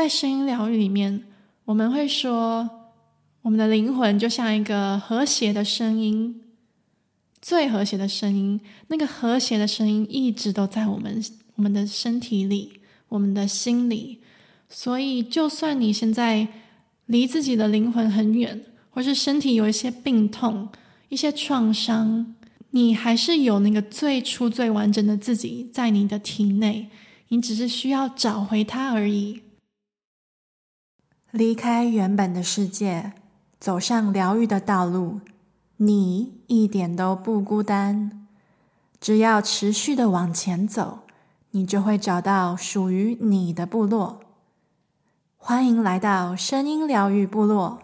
在聲音療癒裡面，我們會說，我們的靈魂就像一個和諧的聲音，最和諧的聲音。那個和諧的聲音一直都在我們我們的身體裡，我們的心裡。所以，就算你現在離自己的靈魂很遠，或是身體有一些病痛、一些創傷，你還是有那個最初最完整的自己在你的體內。你只是需要找回它而已。離開原本的世界，走上療癒的道路，你一點都不孤單。只要持續的往前走，你就會找到屬於你的部落。歡迎來到聲音療癒部落。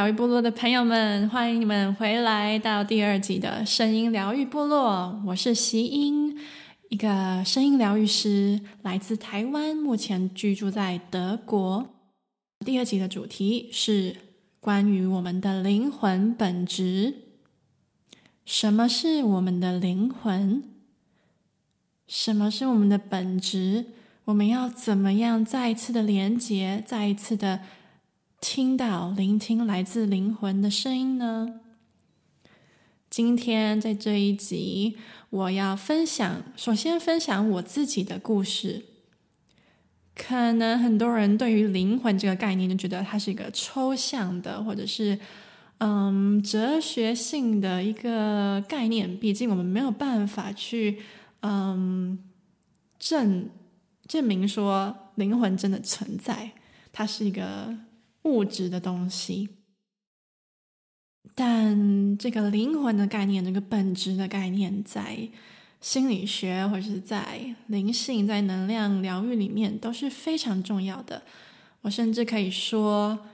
療癒部落的朋友們，歡迎你們回來到第二集的聲音療癒部落。我是席英，一個聲音療癒師，來自台灣，目前居住在德國。第二集的主題是關於我們的靈魂本質。什麼是我們的靈魂？什麼是我們的本質？我們要怎麼樣再一次的連接，再一次的，聽到、聆聽來自靈魂的聲音呢？今天在這一集，我要分享，首先分享我自己的故事。可能很多人對於靈魂這個概念就覺得它是一個抽象的，或者是嗯，哲學性的一個概念。畢竟我們沒有辦法去嗯，證證明說靈魂真的存在，它是一個。物質的東西，但這個靈魂的概念，這個本質的概念，在心理學或者是在靈性、在能量療癒裡面都是非常重要的。我甚至可以說，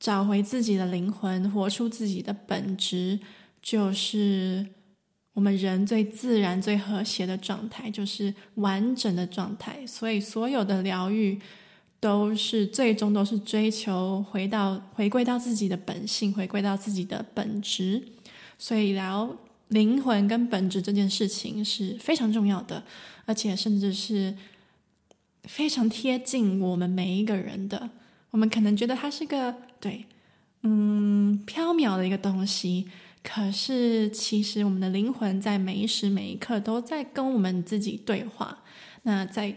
找回自己的靈魂，活出自己的本質，就是我們人最自然、最和諧的狀態，就是完整的狀態。所以，所有的療癒。都是，最終都是追求回到，回歸到自己的本性，回歸到自己的本質，所以聊靈魂跟本質這件事情是非常重要的，而且甚至是非常貼近我們每一個人的。我們可能覺得它是個，對，嗯，縹緲的一個東西，可是其實我們的靈魂在每一時每一刻都在跟我們自己對話。那在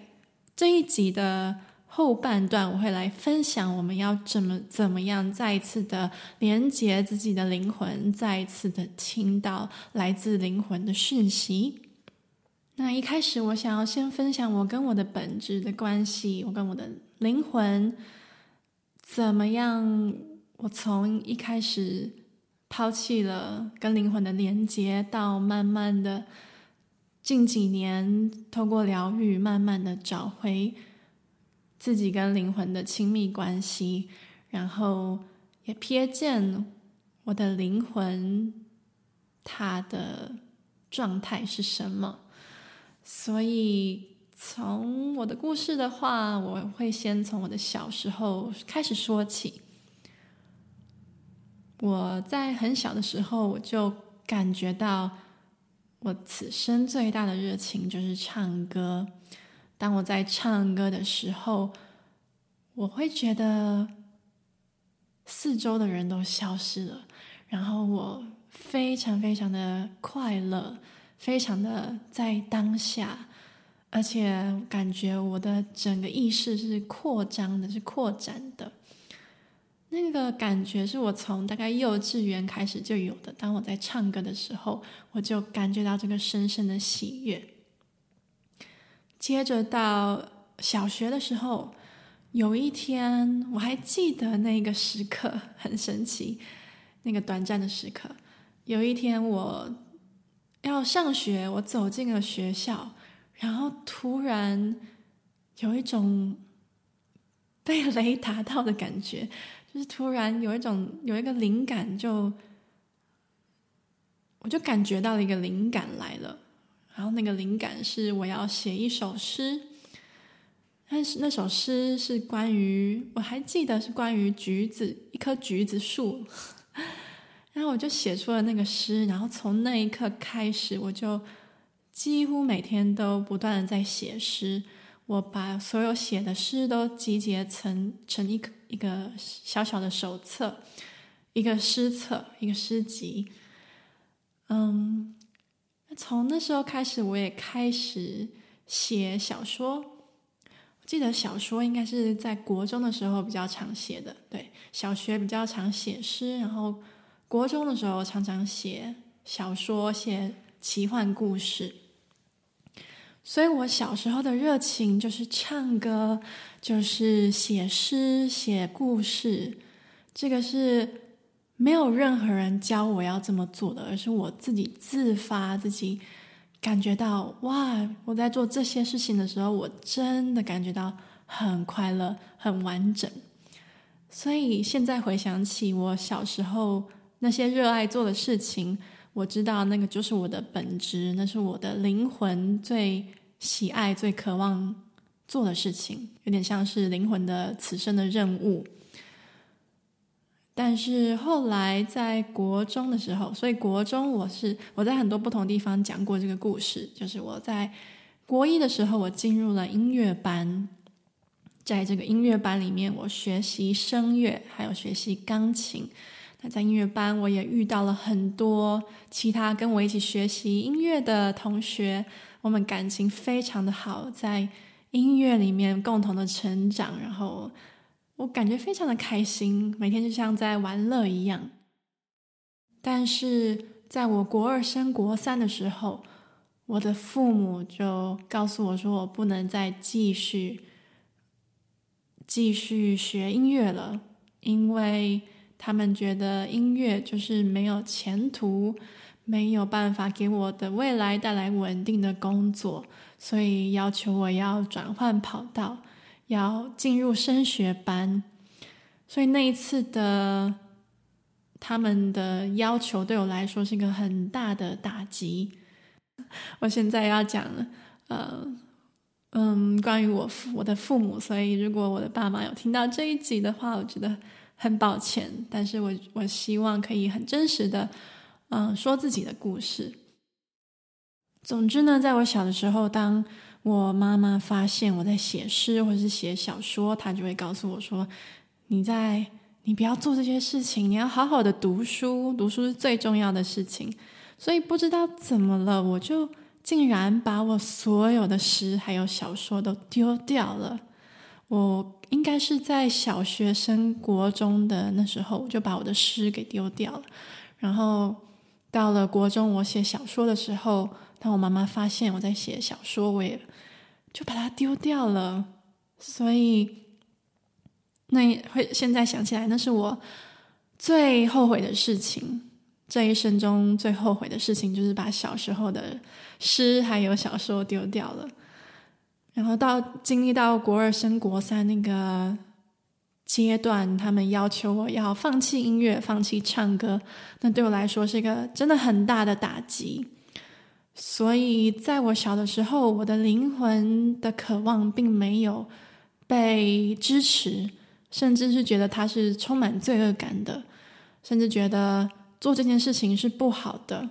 這一集的。後半段我會來分享我們要怎麼怎麼樣再一次的連接自己的靈魂，再一次的聽到來自靈魂的訊息。那一開始我想要先分享我跟我的本質的關係，我跟我的靈魂怎麼樣？我從一開始拋棄了跟靈魂的連接，到慢慢的近幾年透過療癒，慢慢的找回，自己跟靈魂的親密關係，然後也瞥見我的靈魂，它的狀態是什麼。所以，從我的故事的話，我會先從我的小時候開始說起。我在很小的時候，我就感覺到我此生最大的熱情就是唱歌。當我在唱歌的時候，我會覺得四周的人都消失了，然後我非常非常的快樂，非常的在當下，而且感覺我的整個意識是擴張的，是擴展的。那個感覺是我從大概幼稚園開始就有的。當我在唱歌的時候，我就感覺到這個深深的喜悅。接着到小學的時候，有一天我還記得那個時刻，很神奇，那個短暫的時刻。有一天我要上學，我走進了學校，然後突然有一種被雷打到的感覺，就是突然有一種有一個靈感就，就我就感覺到了一個靈感來了。然後那個靈感是我要寫一首詩，但是那首詩是關於，我還記得是關於橘子，一棵橘子樹。然後我就寫出了那個詩，然後從那一刻開始，我就幾乎每天都不斷的在寫詩。我把所有寫的詩都集結成成一個一個小小的手冊，一個詩冊，一個詩集。嗯。從那時候開始，我也開始寫小說。我記得小說應該是在國中的時候比較常寫的，對，小學比較常寫詩，然後國中的時候常常寫小說、寫奇幻故事。所以我小時候的熱情就是唱歌，就是寫詩、寫故事，這個是。沒有任何人教我要這麼做的，而是我自己自發、自己感覺到哇！我在做這些事情的時候，我真的感覺到很快樂、很完整。所以現在回想起我小時候那些熱愛做的事情，我知道那個就是我的本質，那是我的靈魂最喜愛、最渴望做的事情，有點像是靈魂的此生的任務。但是後來在國中的時候，所以國中我是，我在很多不同地方講過這個故事，就是我在國一的時候，我進入了音樂班，在這個音樂班裡面，我學習聲樂，還有學習鋼琴。那在音樂班，我也遇到了很多其他跟我一起學習音樂的同學，我們感情非常的好，在音樂裡面共同的成長，然後，我感覺非常的開心，每天就像在玩樂一樣。但是在我國二升國三的時候，我的父母就告訴我說，我不能再繼續繼續學音樂了，因為他們覺得音樂就是沒有前途，沒有辦法給我的未來帶來穩定的工作，所以要求我要轉換跑道。要進入升學班，所以那一次的他們的要求對我來說是一個很大的打擊。我現在要講，呃，嗯，關於我我的父母，所以如果我的爸媽有聽到這一集的話，我覺得很抱歉，但是我我希望可以很真實的，嗯、呃，說自己的故事。總之呢，在我小的時候，當。我媽媽發現我在寫詩或者是寫小說，她就會告訴我說：“你在，你不要做這些事情，你要好好的讀書，讀書是最重要的事情。”所以不知道怎麼了，我就竟然把我所有的詩還有小說都丟掉了。我應該是在小學升國中的那時候，我就把我的詩給丟掉了。然後到了國中，我寫小說的時候，當我媽媽發現我在寫小說，我也。就把它丟掉了，所以那會現在想起來，那是我最後悔的事情，這一生中最後悔的事情就是把小時候的詩還有小說丟掉了。然後到經歷到國二升國三那個階段，他們要求我要放棄音樂，放棄唱歌，那對我來說是一個真的很大的打擊。所以，在我小的時候，我的靈魂的渴望並沒有被支持，甚至是覺得他是充滿罪惡感的，甚至覺得做這件事情是不好的。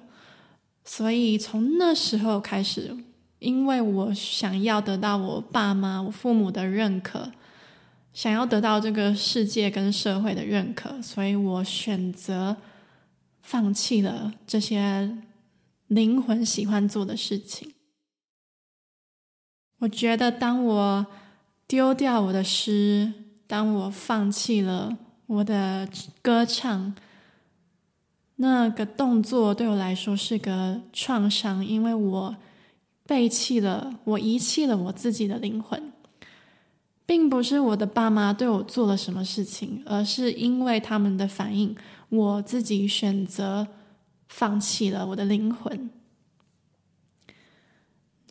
所以，從那時候開始，因為我想要得到我爸媽、我父母的認可，想要得到這個世界跟社會的認可，所以我選擇放棄了這些。靈魂喜歡做的事情，我覺得當我丟掉我的詩，當我放棄了我的歌唱，那個動作對我來說是個創傷，因為我背棄了，我遺棄了我自己的靈魂，並不是我的爸媽對我做了什麼事情，而是因為他們的反應，我自己選擇，放棄了我的靈魂，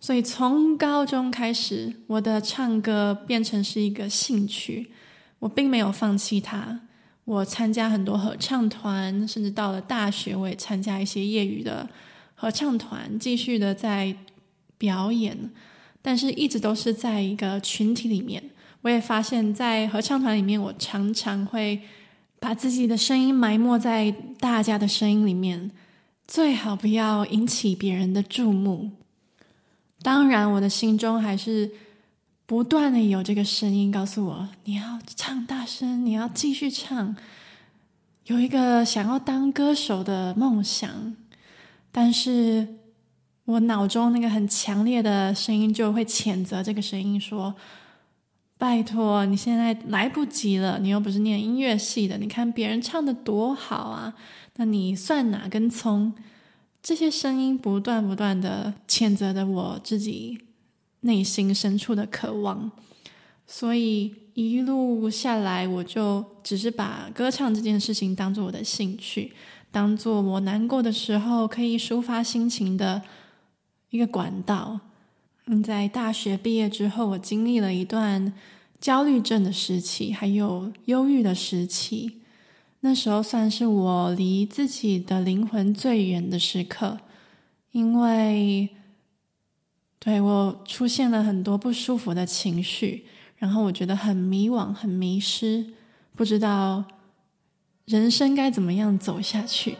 所以從高中開始，我的唱歌變成是一個興趣。我並沒有放棄它，我參加很多合唱團，甚至到了大學，我也參加一些業餘的合唱團，繼續的在表演。但是，一直都是在一個群體裡面，我也發現，在合唱團裡面，我常常會把自己的聲音埋沒在大家的聲音裡面。最好不要引起別人的注目。當然，我的心中還是不斷地有這個聲音告訴我：你要唱大聲，你要繼續唱。有一個想要當歌手的夢想，但是我腦中那個很強烈的聲音就會譴責這個聲音說：“拜託，你現在來不及了，你又不是念音樂系的，你看別人唱得多好啊！”那你算哪根蔥？這些聲音不斷不斷的譴責着我自己內心深處的渴望，所以一路下來，我就只是把歌唱這件事情當做我的興趣，當做我難過的時候可以抒發心情的一個管道。嗯，在大學畢業之後，我經歷了一段焦慮症的時期，還有憂鬱的時期。那時候算是我離自己的靈魂最遠的時刻，因為對我出現了很多不舒服的情緒，然後我覺得很迷惘、很迷失，不知道人生該怎麼樣走下去。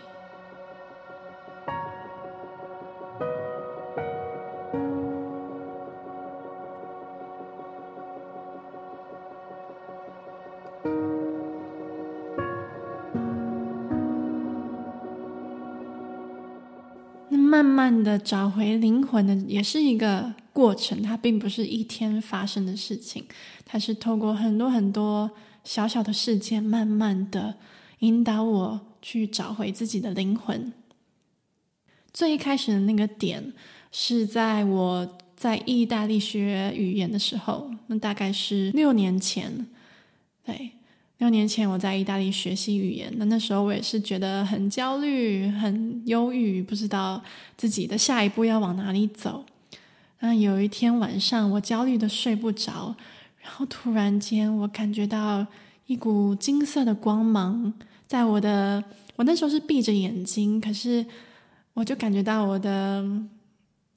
的找回靈魂呢，也是一個過程，它並不是一天發生的事情，它是透過很多很多小小的事件，慢慢的引導我去找回自己的靈魂。最一開始的那個點是在我在意大利學語言的時候，那大概是六年前，對。六年前，我在意大利學習語言。那那時候，我也是覺得很焦慮、很憂鬱，不知道自己的下一步要往哪裡走。嗯，有一天晚上，我焦慮的睡不着，然後突然間，我感覺到一股金色的光芒在我的……我那時候是閉着眼睛，可是我就感覺到我的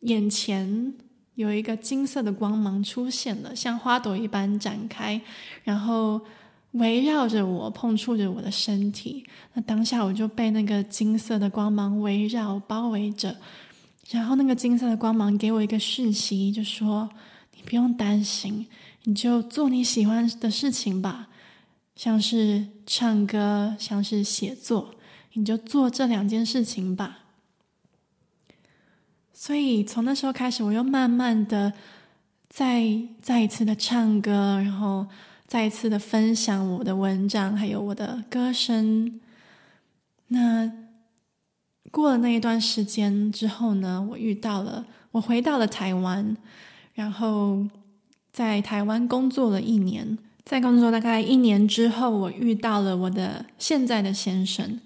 眼前有一個金色的光芒出現了，像花朵一般展開，然後。圍繞着我，碰觸着我的身體。那當下我就被那個金色的光芒圍繞包圍着，然後那個金色的光芒給我一個訊息，就說：“你不用擔心，你就做你喜歡的事情吧，像是唱歌，像是寫作，你就做這兩件事情吧。”所以從那時候開始，我又慢慢的再再一次的唱歌，然後。再一次的分享我的文章，還有我的歌聲。那過了那一段時間之後呢，我遇到了，我回到了台灣，然後在台灣工作了一年。在工作大概一年之後，我遇到了我的現在的先生。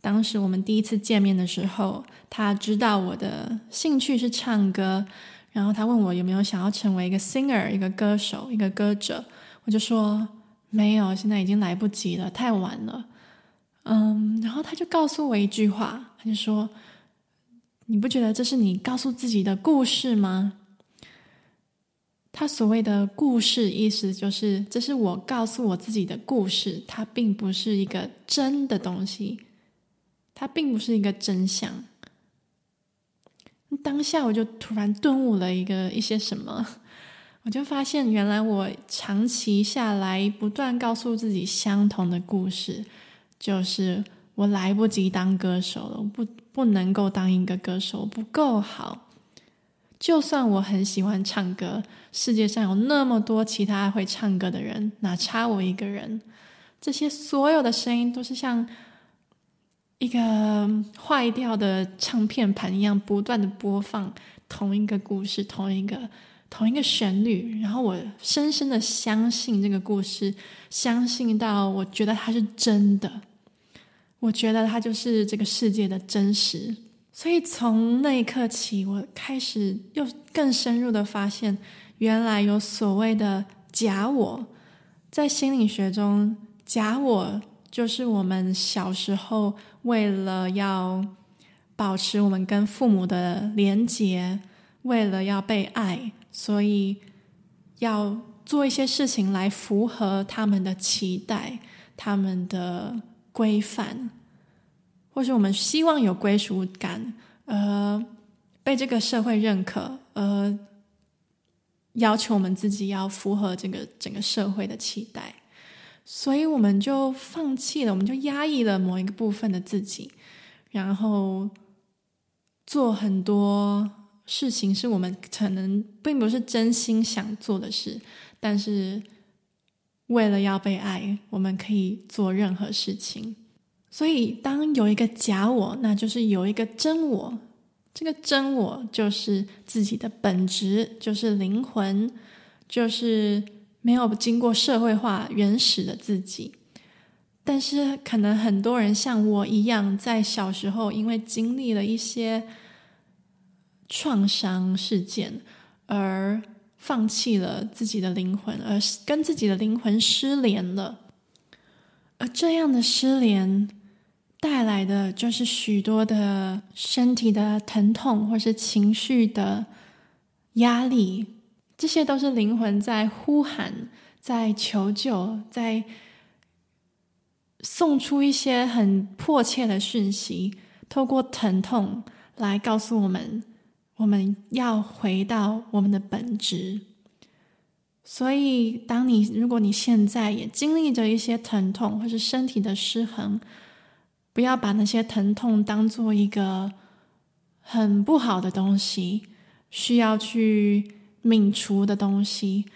當時我們第一次見面的時候，他知道我的興趣是唱歌，然後他問我有沒有想要成為一個 singer，一個歌手，一個歌者。我就說沒有，現在已經來不及了，太晚了。嗯，然後他就告訴我一句話，他就說：“你不覺得這是你告訴自己的故事嗎？”他所謂的故事，意思就是這是我告訴我自己的故事，它並不是一個真的東西，它並不是一個真相。當下我就突然頓悟了一個一些什麼。我就發現，原來我長期下來不斷告訴自己相同的故事，就是我來不及當歌手了，我不不能夠當一個歌手，我不夠好。就算我很喜歡唱歌，世界上有那麼多其他會唱歌的人，哪差我一個人？這些所有的聲音都是像一個壞掉的唱片盤一樣，不斷的播放同一個故事，同一個。同一個旋律，然後我深深的相信這個故事，相信到我覺得它是真的，我覺得它就是這個世界的真實。所以從那一刻起，我開始又更深入的發現，原來有所謂的假我，在心理學中，假我就是我們小時候為了要保持我們跟父母的連結，為了要被愛。所以要做一些事情來符合他們的期待、他們的規範，或是我們希望有歸屬感，呃，被這個社會認可，呃，要求我們自己要符合這個整個社會的期待，所以我們就放棄了，我們就壓抑了某一個部分的自己，然後做很多。事情是我們可能並不是真心想做的事，但是為了要被愛，我們可以做任何事情。所以，當有一個假我，那就是有一個真我。這個真我就是自己的本質，就是靈魂，就是沒有經過社會化、原始的自己。但是，可能很多人像我一樣，在小時候因為經歷了一些。創傷事件，而放棄了自己的靈魂，而跟自己的靈魂失聯了。而這樣的失聯帶來的，就是許多的身體的疼痛，或是情緒的壓力，這些都是靈魂在呼喊，在求救，在送出一些很迫切的訊息，透過疼痛來告訴我們。我們要回到我們的本質，所以當你如果你現在也經歷着一些疼痛，或是身體的失衡，不要把那些疼痛當做一個很不好的東西，需要去泯除的東西，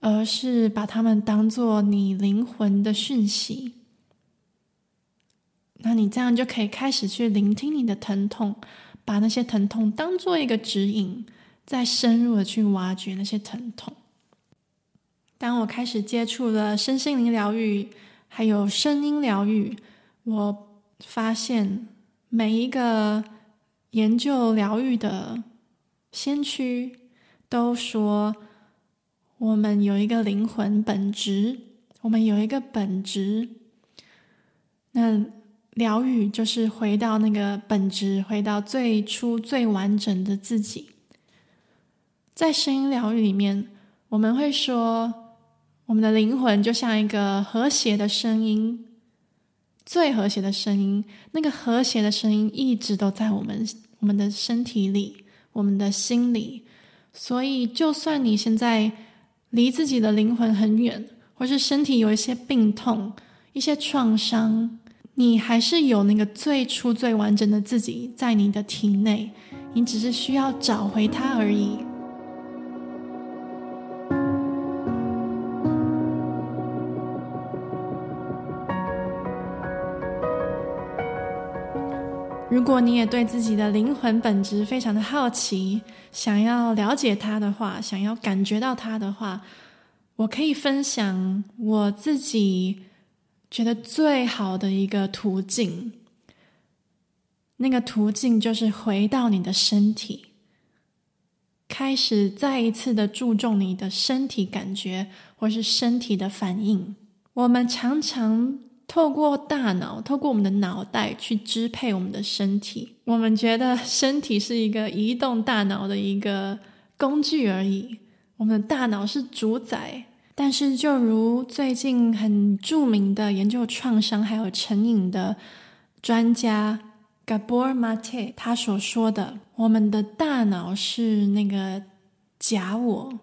而是把它們當做你靈魂的訊息。那你這樣就可以開始去聆聽你的疼痛。把那些疼痛當做一個指引，再深入的去挖掘那些疼痛。當我開始接觸了身心靈療癒，還有聲音療癒，我發現每一個研究療癒的先驅都說，我們有一個靈魂本質，我們有一個本質。那。療癒就是回到那個本質，回到最初最完整的自己。在聲音療癒裡面，我們會說，我們的靈魂就像一個和諧的聲音，最和諧的聲音。那個和諧的聲音一直都在我們我們的身體裡，我們的心裡。所以，就算你現在離自己的靈魂很遠，或是身體有一些病痛，一些創傷。你還是有那個最初最完整的自己在你的體內，你只是需要找回它而已。如果你也對自己的靈魂本質非常的好奇，想要了解它的話，想要感覺到它的話，我可以分享我自己。覺得最好的一個途徑，那個途徑就是回到你的身體，開始再一次的注重你的身體感覺，或是身體的反應。我們常常透過大腦，透過我們的腦袋去支配我們的身體。我們覺得身體是一個移動大腦的一個工具而已，我們的大腦是主宰。但是，就如最近很著名的研究創傷還有成癮的專家 Gabor Mate 他所說的，我們的大腦是那個假我，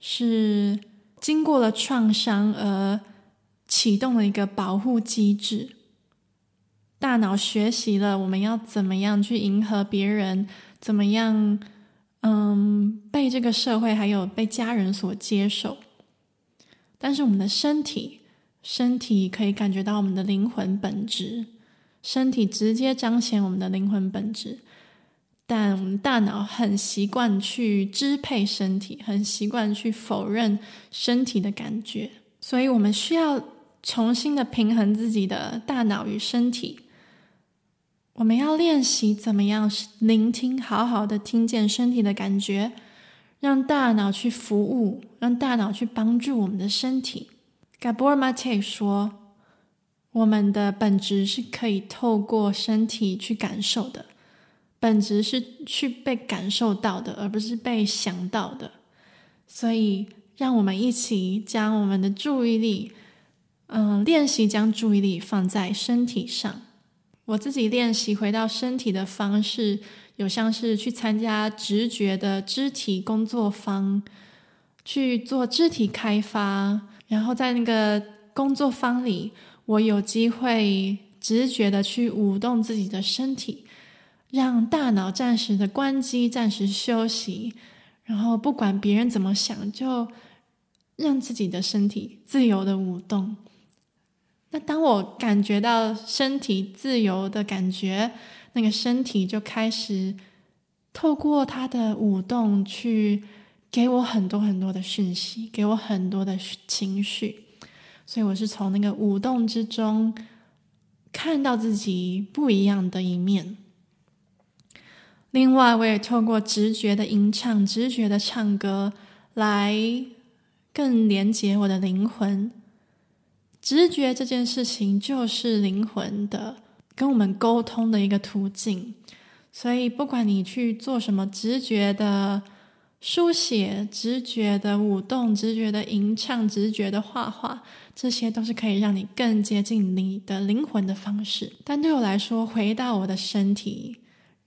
是經過了創傷而啟動了一個保護機制。大腦學習了我們要怎麼樣去迎合別人，怎麼樣，嗯，被這個社會還有被家人所接受。但是我們的身體，身體可以感覺到我們的靈魂本質，身體直接彰顯我們的靈魂本質。但我們大腦很習慣去支配身體，很習慣去否認身體的感覺，所以我們需要重新的平衡自己的大腦與身體。我們要練習怎麼樣聆聽，好好的聽見身體的感覺。讓大腦去服務，讓大腦去幫助我們的身體。Gabor Maté 說：“我們的本質是可以透過身體去感受的，本質是去被感受到的，而不是被想到的。”所以，讓我們一起將我們的注意力，嗯、呃，練習將注意力放在身體上。我自己練習回到身體的方式。有像是去參加直覺的肢體工作坊，去做肢體開發，然後在那個工作坊裡，我有機會直覺的去舞動自己的身體，讓大腦暫時的關機、暫時休息，然後不管別人怎麼想，就讓自己的身體自由的舞動。那當我感覺到身體自由的感覺。那個身體就開始透過它的舞動，去給我很多很多的訊息，給我很多的情緒，所以我是從那個舞動之中看到自己不一樣的一面。另外，我也透過直覺的吟唱、直覺的唱歌，來更連接我的靈魂。直覺這件事情就是靈魂的。跟我們溝通的一個途徑，所以不管你去做什麼，直覺的書寫、直覺的舞動、直覺的吟唱、直覺的畫畫，這些都是可以讓你更接近你的靈魂的方式。但對我來說，回到我的身體，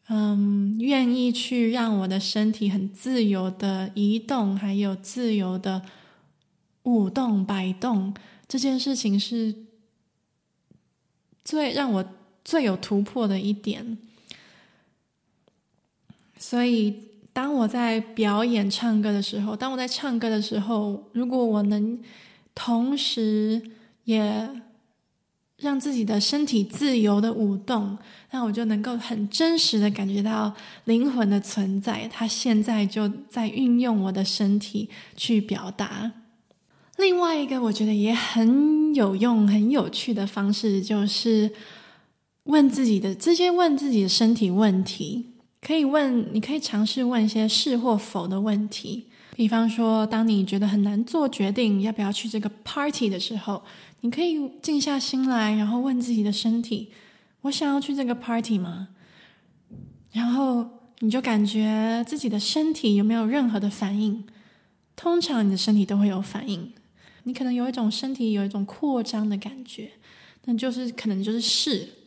嗯，願意去讓我的身體很自由的移動，還有自由的舞動、擺動，這件事情是最讓我。最有突破的一點。所以當我在表演唱歌的時候，當我在唱歌的時候，如果我能同時也讓自己的身體自由的舞動，那我就能夠很真實的感覺到靈魂的存在。它現在就在運用我的身體去表達。另外一個我覺得也很有用、很有趣的方式就是。問自己的，直接問自己的身體問題，可以問，你可以嘗試問一些是或否的問題。比方說，當你覺得很難做決定要不要去這個 party 的時候，你可以靜下心來，然後問自己的身體：“我想要去這個 party 嗎？”然後你就感覺自己的身體有沒有任何的反應。通常你的身體都會有反應，你可能有一種身體有一種擴張的感覺，那就是可能就是是。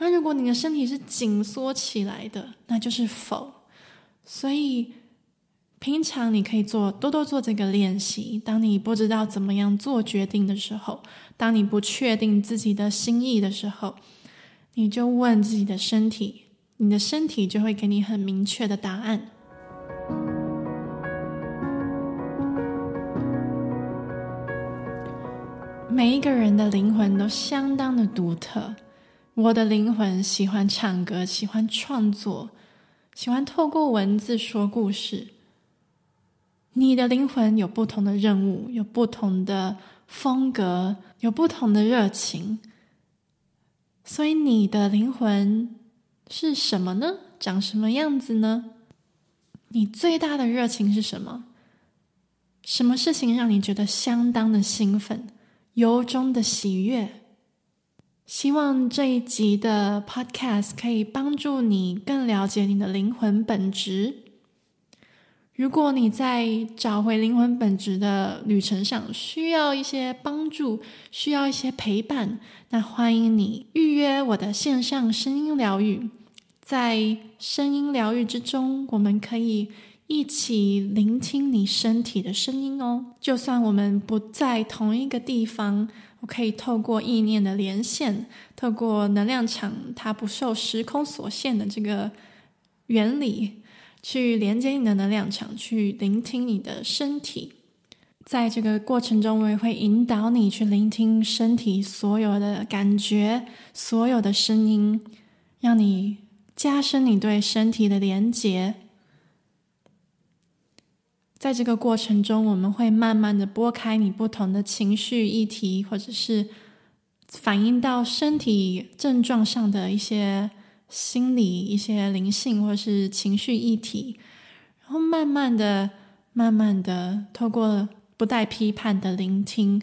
那如果你的身體是緊縮起來的，那就是否？所以平常你可以做多多做這個練習。當你不知道怎麼樣做決定的時候，當你不確定自己的心意的時候，你就問自己的身體，你的身體就會給你很明確的答案。每一個人的靈魂都相當的獨特。我的靈魂喜歡唱歌，喜歡創作，喜歡透過文字說故事。你的靈魂有不同的任務，有不同的風格，有不同的熱情。所以，你的靈魂是什麼呢？長什麼樣子呢？你最大的熱情是什麼？什麼事情讓你覺得相當的興奮，由衷的喜悅？希望這一集的 Podcast 可以幫助你更了解你的靈魂本質。如果你在找回靈魂本質的旅程上需要一些幫助，需要一些陪伴，那歡迎你預約我的線上聲音療癒。在聲音療癒之中，我們可以，一起聆聽你身體的聲音哦。就算我們不在同一個地方，我可以透過意念的連線，透過能量場，它不受時空所限的這個原理，去連接你的能量場，去聆聽你的身體。在這個過程中，我也會引導你去聆聽身體所有的感覺、所有的聲音，讓你加深你對身體的連接。在這個過程中，我們會慢慢的撥開你不同的情緒議題，或者是反映到身體症狀上的一些心理、一些靈性或者是情緒議題，然後慢慢的、慢慢的透過不帶批判的聆聽，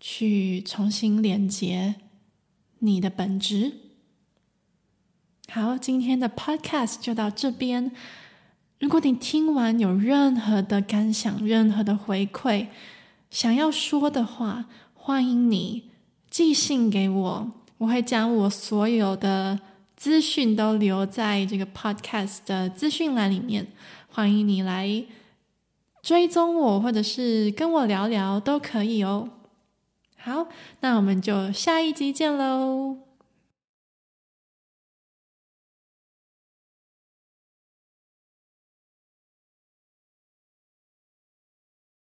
去重新連結你的本質。好，今天的 podcast 就到這邊。如果你聽完有任何的感想、任何的回饋，想要說的話，歡迎你寄信給我，我會將我所有的資訊都留在這個 podcast 的資訊欄裡面。歡迎你來追蹤我，或者是跟我聊聊都可以哦。好，那我們就下一集見嘍。